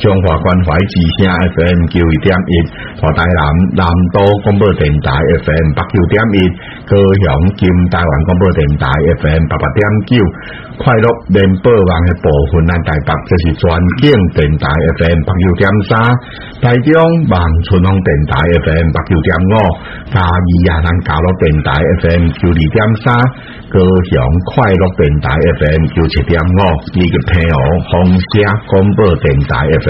中華關懷之聲 F M 九二點一，台南南都廣播電台 F M 八九點一，高雄金台灣廣播電台 F M 八八點九，快樂聯播網嘅部分啊，台北，即係全景電台 F M 八九點三，台中望春風電台 F M 八九點五，嘉義也能搞到電台 F M 九二點三，高雄快樂電台 F M 九七點五，呢個偏航紅色廣播電台 F。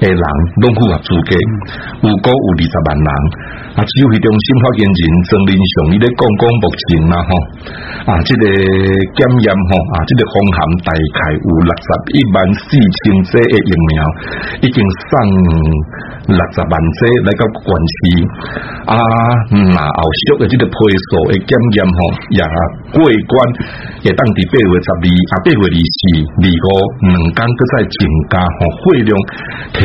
誒，的人攏有啊，資格有擱有二十萬人，啊，指揮中心發言人曾林祥伊咧講講目前啊，吼啊，即、這個檢驗，吼啊，即、這個風寒大概有六十一萬四千劑疫苗已經送六十萬劑來到廣西，啊，拿、嗯啊、後續嘅即個批數嘅檢驗，吼、啊，也、啊、過關，會當地八月十二，啊，八月二十二個農工擱再增加，吼費用。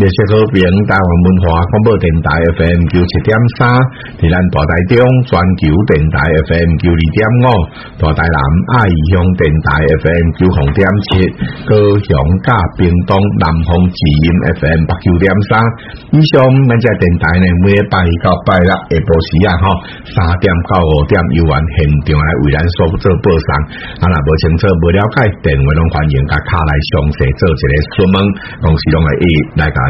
謝食好餅，台灣文化廣播電台 F M 九七點三，佇咱大台中全球電台 F M 九二點五，大台南愛義鄉電台 F M 九五點七，高雄甲屏東南方智音 F M 八九點三，以上咱嘅電台呢，每禮拜一到拜六下晡時啊，吼三點到五點由阮現場，來為咱所做播送，啊，冇清楚，冇了解，電話攏歡迎甲卡來詳細做一個詢問，同時攏會以嚟講。